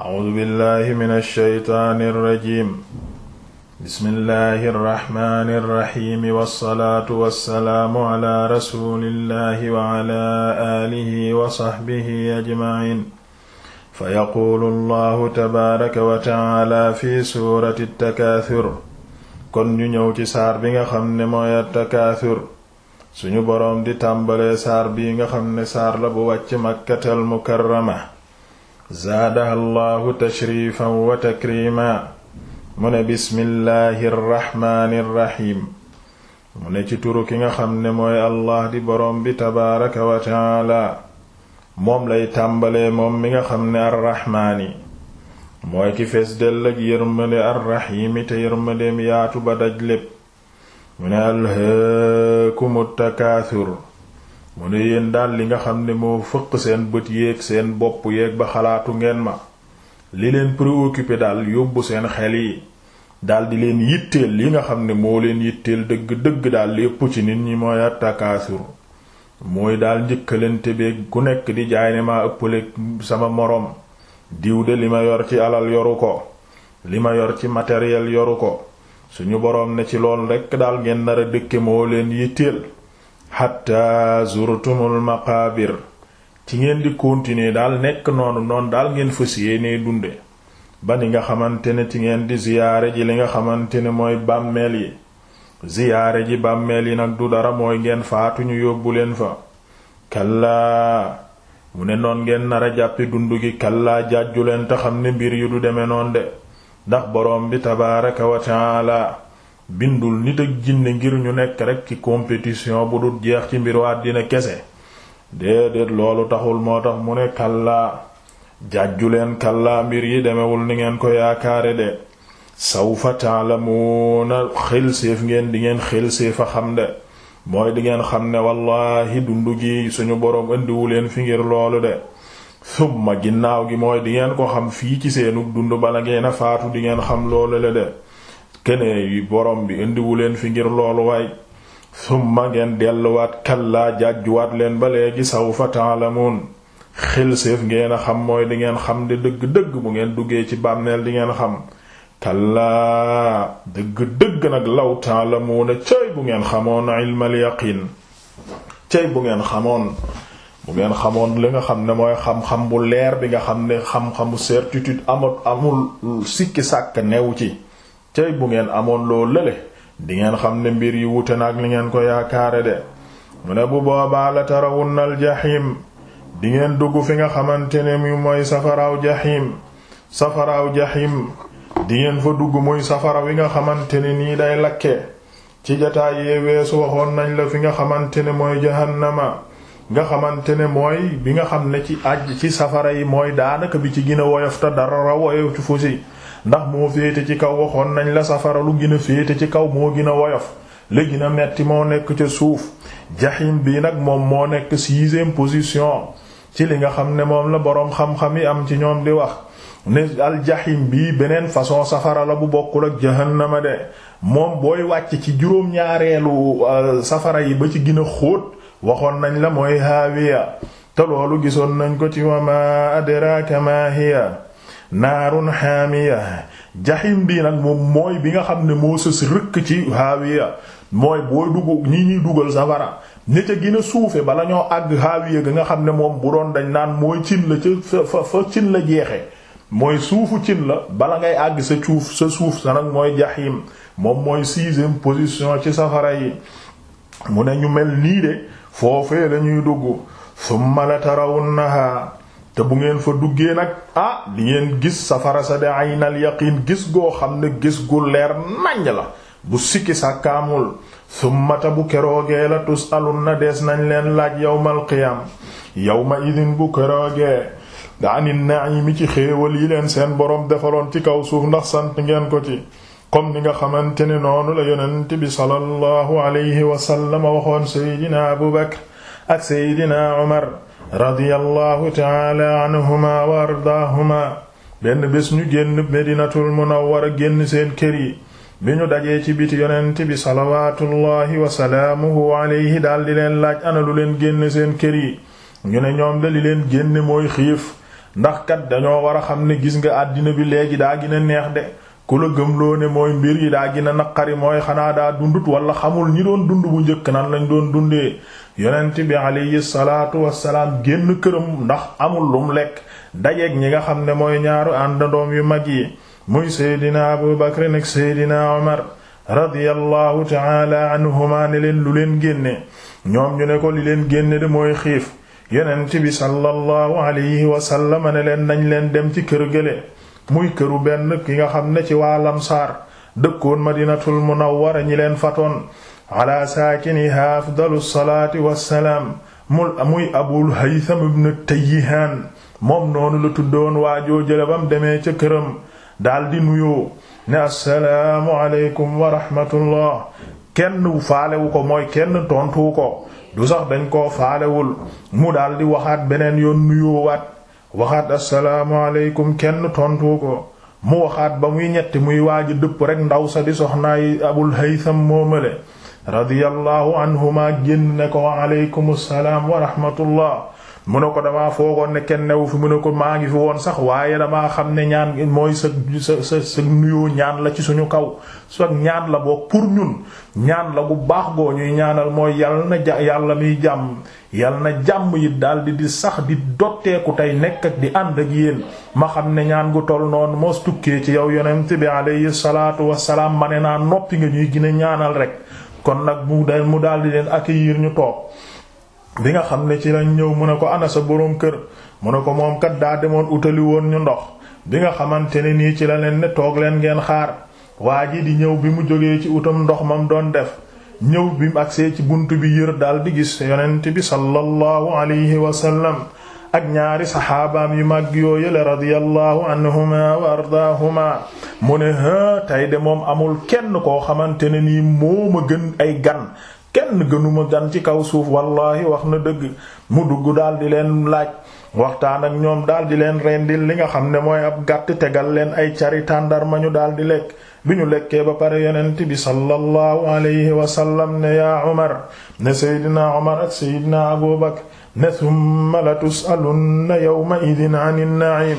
A'uuzu billaahi mina shaytaani rajiim. Bismillaahi rahmaani rahiim. Wassalaatu wassalaamu alaa rasuulillaahi wa alaa aalihi wa sahbihi ajmaciin. Fayaquulu Allaahu tabaaraka wa ta'aalaa fi suurati Takaasur. Kon ñu ñëw ci saar bi nga xam ne mooy Takaasur. Suñu boroom di tàmbalee saar bii nga xam ne saar la bu wàcc Makkatal Mukarrama. zaadaha allahu tashrifan wa takrima mu ne bismillahi ki nga xam ne mooy allah di boroom tabaaraka wa taala moom lay tàmbalee moom mi nga xam ne arraxmaani mooy ki fees dell ak yërmande arraxiimi te yërmandeem yaatu ba daj lépp mu ne mu ne yéen daal li nga xam ne moo fëq seen bët yeeg seen bopp yeeg ba xalaatu ngeen ma li leen préoccupé daal yóbbu seen xel yi daal di leen yitteel yi nga xam ne moo leen yitteel dëgg-dëgg daal lépp ci nit ñi mooy attakaasur mooy daal njëkkalante beeg ku nekk di jaay ne maa ëppale sama morom diw de li ma yor ci alal yoru ko li ma yor ci matériel yoru ko suñu borom ne ci lool rekk daal ngeen nar a dëkke moo leen yitteel xatta zurtumul maqaabir ci ngeen di continuer daal nekk noonu noon daal ngeen fas yéenee dunde ba ni nga xamante ne ci ngeen di ziyaare ji li nga xamante ne mooy bàmmeel yi ziyaare ji bàmmeel yi nag du dara mooy ngeen faatuñu yóbbu leen fa kallaa mu ne noon ngeen nara a jàppi dund gi kallaa jàjju leen te xam ne mbir yi du demee noon de ndax boroom bi tabaaraka wa bindul nit ak jinne ngir ñu nekk rek ci bu dul jeex ci mbiru àddina kese déedéet loolu taxul moo tax mu ne kallaa jàjju leen kallaa mbir yi demewul ni ngeen ko yaakaare de sawfa ta'lamuna xelséef ngeen di ngeen xelséef a xam de mooy di ngeen xam ne wallaahi dundu gi suñu boroom indiwu leen fi ngir loolu de summa ginnaaw gi mooy di ngeen ko xam fii ci seenu dund bala ngeen a faatu di ngeen xam loolu le de kene borom bi indiwu leen fi ngir loolu waay summa ngeen delluwaat kallaa jàjjuwaat leen ba léegi sawfa ta'lamun xilséef ngeen a xam mooy di ngeen xam de dëgg-dëgg bu ngeen duggee ci bàmmeel di ngeen xam kallaa dëgg-dëgg nag law ta'lamuuna cay bu ngeen xamoon a ilmal yaqiin cay bu ngeen xamoon bu ngeen xamoon li nga xam ne mooy xam-xam bu leer bi nga xam ne xam-xamu certitude amul amul sikki sàkk newu ci tey bu ngeen amoon loo lële di ngeen xam ne mbir yi wute na ak li ngeen ko yaakaare de mu ne bu boobaa la tarawunna al jahim di ngeen dugg fi nga xamante ne mi mooy safaraaw jahim safaraaw jahim di ngeen fa dugg muy safara wi nga xamante ne nii day lakke ci jataay yee weesu waxoon nañ la fi nga xamante ne mooy jahannama nga xamante ne mooy bi nga xam ne ci àjj ci safara yi mooy daanaka bi ci gën a woyof te dara woyof ci fu si ndax moo féete ci kaw waxoon nañ la safara lu gën a féete ci kaw moo gën a woyof li gën a metti moo nekk ca suuf jaxiim bii nag moom moo nekk sixième position ci li nga xam ne moom la boroom xam-xam yi am ci ñoom di wax ne aljaxim bii beneen façon safara la bu bokkul ak jahannama de moom booy wàcc ci juróom-ñaareelu euh, safara yi ba ci gën a xóot waxoon nañ la mooy haawiya te loolu gisoon nañ ko ci wa ma adraka ma naarun haamiya jaxim bii nag moom mooy bi nga xam ne moo sës rëkk ci haawiya mooy booy dugg ñi ñuy dugal safara nit a gën a suufe bala ñoo àgg haawiya ga nga xam ne moom bu doon dañ naan mooy cin la ca fa fa cin la jeexe mooy suufu cin la bala ngay àgg sa suuf sa suuf sa nag mooy jaxim moom mooy sixième position ci safara yi mu ne ñu mel nii de foofee lañuy dugg summa la tarawunnaha te bu ngeen fa duggee nag ah di ngeen gis safara sa de aynal yaqin gis goo xam ne gis gu leer naññ la bu sikki sa kaamul summata bu keroogee la tus na dees nañ leen laaj yawmal qiyam yawma idin bu keroogee nga anit na'imi ci xéewal yi leen seen borom defaloon ci kaw suuf ndax sant ngeen ko ci comme ni nga xamante ne noonu la yonent bi sallallahu alayhi wa sallam waxoon seydina abu bakr ak seydina umar radiyallahu taala anhuma wa ardaahuma benn bés ñu génn medinatul munawwara génn seen kër yi bi ñu dajee ci biti yonent bi salawaatullahi wa salaamuhu alayhi daal di leen laaj analu leen génn seen kër yi ñu ne ñoom de li leen génne mooy xiif ndax kat dañoo war a xam ne gis nga àddina bi léegi daa gina neex de ku la gëmloo ne mooy mbir yi daa gën a naqari mooy xanaa daa dundut wala xamul ñi doon dund bu njëkk nan lañ doon dundee yonent bi alayhi salaatu wassalaam génn këram ndax amul lum lekk dajeeg ñi nga xam ne mooy ñaaru àndandoom yu mag yi muy seydina abu bakr nag seydina omar radiyallahu taala anhuma ne leen lu leen génne ñoom ñu ne ko li leen génne de mooy xiif yonent bi sallallahu alayhi wasallam ne leen nañ leen dem ci kër gële muy këru benn ki nga xam ne ci waa lamsaar dëkkoon madinatul munawwara ñi leen fatoon ala saakiniha afdalu salaati wassalaam muy abul haytham ibn tayyihaan moom noonu la tuddoon waajoo jële bam demee ca këram daldi nuyoo ne assalaamu aleykum wa rahmatullah kenn faalewu ko mooy kenn tontuwu ko du sax dañ koo faalewul mu daldi waxaat beneen yoon nuyoowaat waxaat assalaamu aleykum kenn tontu ko mu waxaat ba muy ñetti muy waaji dëpp rek ndaw sa di soxnaay abul haytham moomale radiyallahu anhuma génn ne ko wa aleykum salaam wa rahmatullah mu ne ko damaa foogoon ne kenn newu fi mu ne ko maa ngi fi woon sax waaye damaa xam ne ñaan mooy sa sa sa sa nuyoo ñaan la ci suñu kaw sa ñaan la boo pour ñun ñaan la bu baax goo ñuy ñaanal mooy yàlla na ja yàlla muy jàmm yàlla na jàmm yi daldi di sax di dotteeku tey nekk di ànd ak yéen ma xam ne ñaan gu toll noonu moo tukkee ci yow yonent bi alayhi salaatu wassalaam ma ne naa noppi nga ñuy gën a ñaanal rek kon nag mu mu daldi leen accueillir ñu toog bi nga xam ne ci lañ ñëw mu ne ko ana sa boroom kër mu ne ko moom kat daa demoon utali woon ñu ndox bi nga xamante ne nii ci la leen ne toog leen ngeen xaar waa jii di ñëw bi mu jógee ci utam ndox mam doon def ñëw bi mu agsee ci bunt bi yér daal di gis yonent bi sallallahu alayhi wa sallam ak ñaari saxaabaam yu màgg yooyale radiyallahu anhuma wa ardaahuma mu ne ha tey de moom amul kenn koo xamante ne nii moo ma gën ay gan kenn gënuma gan ci kaw suuf wallahi wax na dëgg mu dugg daal di leen laaj waxtaan ak ñoom daal di leen rendil li nga xam ne mooy ab gàtt tegal leen ay cari tàndarma ñu daal di lekk bi ñu lekkee ba pare yonent bi sallallahu alayhi wa sallam ne yaa Umar ne Seydina Umar ak Seydina Abu Bakr ne thumma la tusalunna yawma idin anin na'im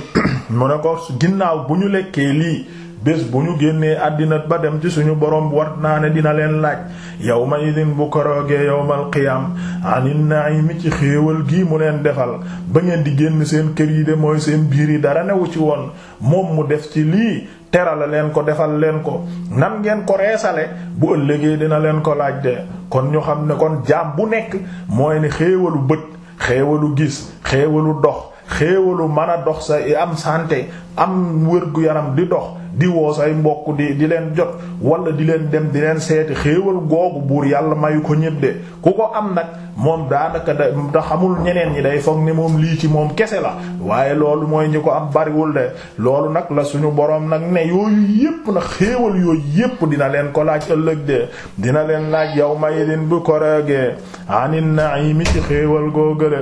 mu ne ko ginnaaw bu ñu lekkee lii bés bu ñu génnee àddina ba dem ci suñu borom war naa ne dina leen laaj yow yawma idin bu koroogee yawmal qiyam anin na'imi ci xéewal gii mu leen defal ba ngeen di génn seen kër yi de mooy seen biir yi dara newu ci woon moom mu def ci lii terala leen ko defal leen ko nan ngeen ko reesale bu ëllëgee dina leen ko laaj de kon ñu xam ne kon jaam bu nekk mooy ne xéewalu bët xéewalu gis xéewalu dox xéewalu mën a dox sa am santé am wër gu yaram di dox di woos ay mbokk di di leen jot wala di leen dem di leen seeti xéewal googu buur yàlla mayu ko ñëpp de ku ko am nag moom daanaka da da xamul ñeneen ñi day foog ni moom lii ci moom kese la waaye loolu mooy ñi ko am bariwul de loolu nag la suñu boroom nag ne yooyu yépp nag xéewal yooyu yépp dina leen ko laaj ëllëg de dina leen laaj yow may leen bu ko reegee anin naimi ci xéewal goo gële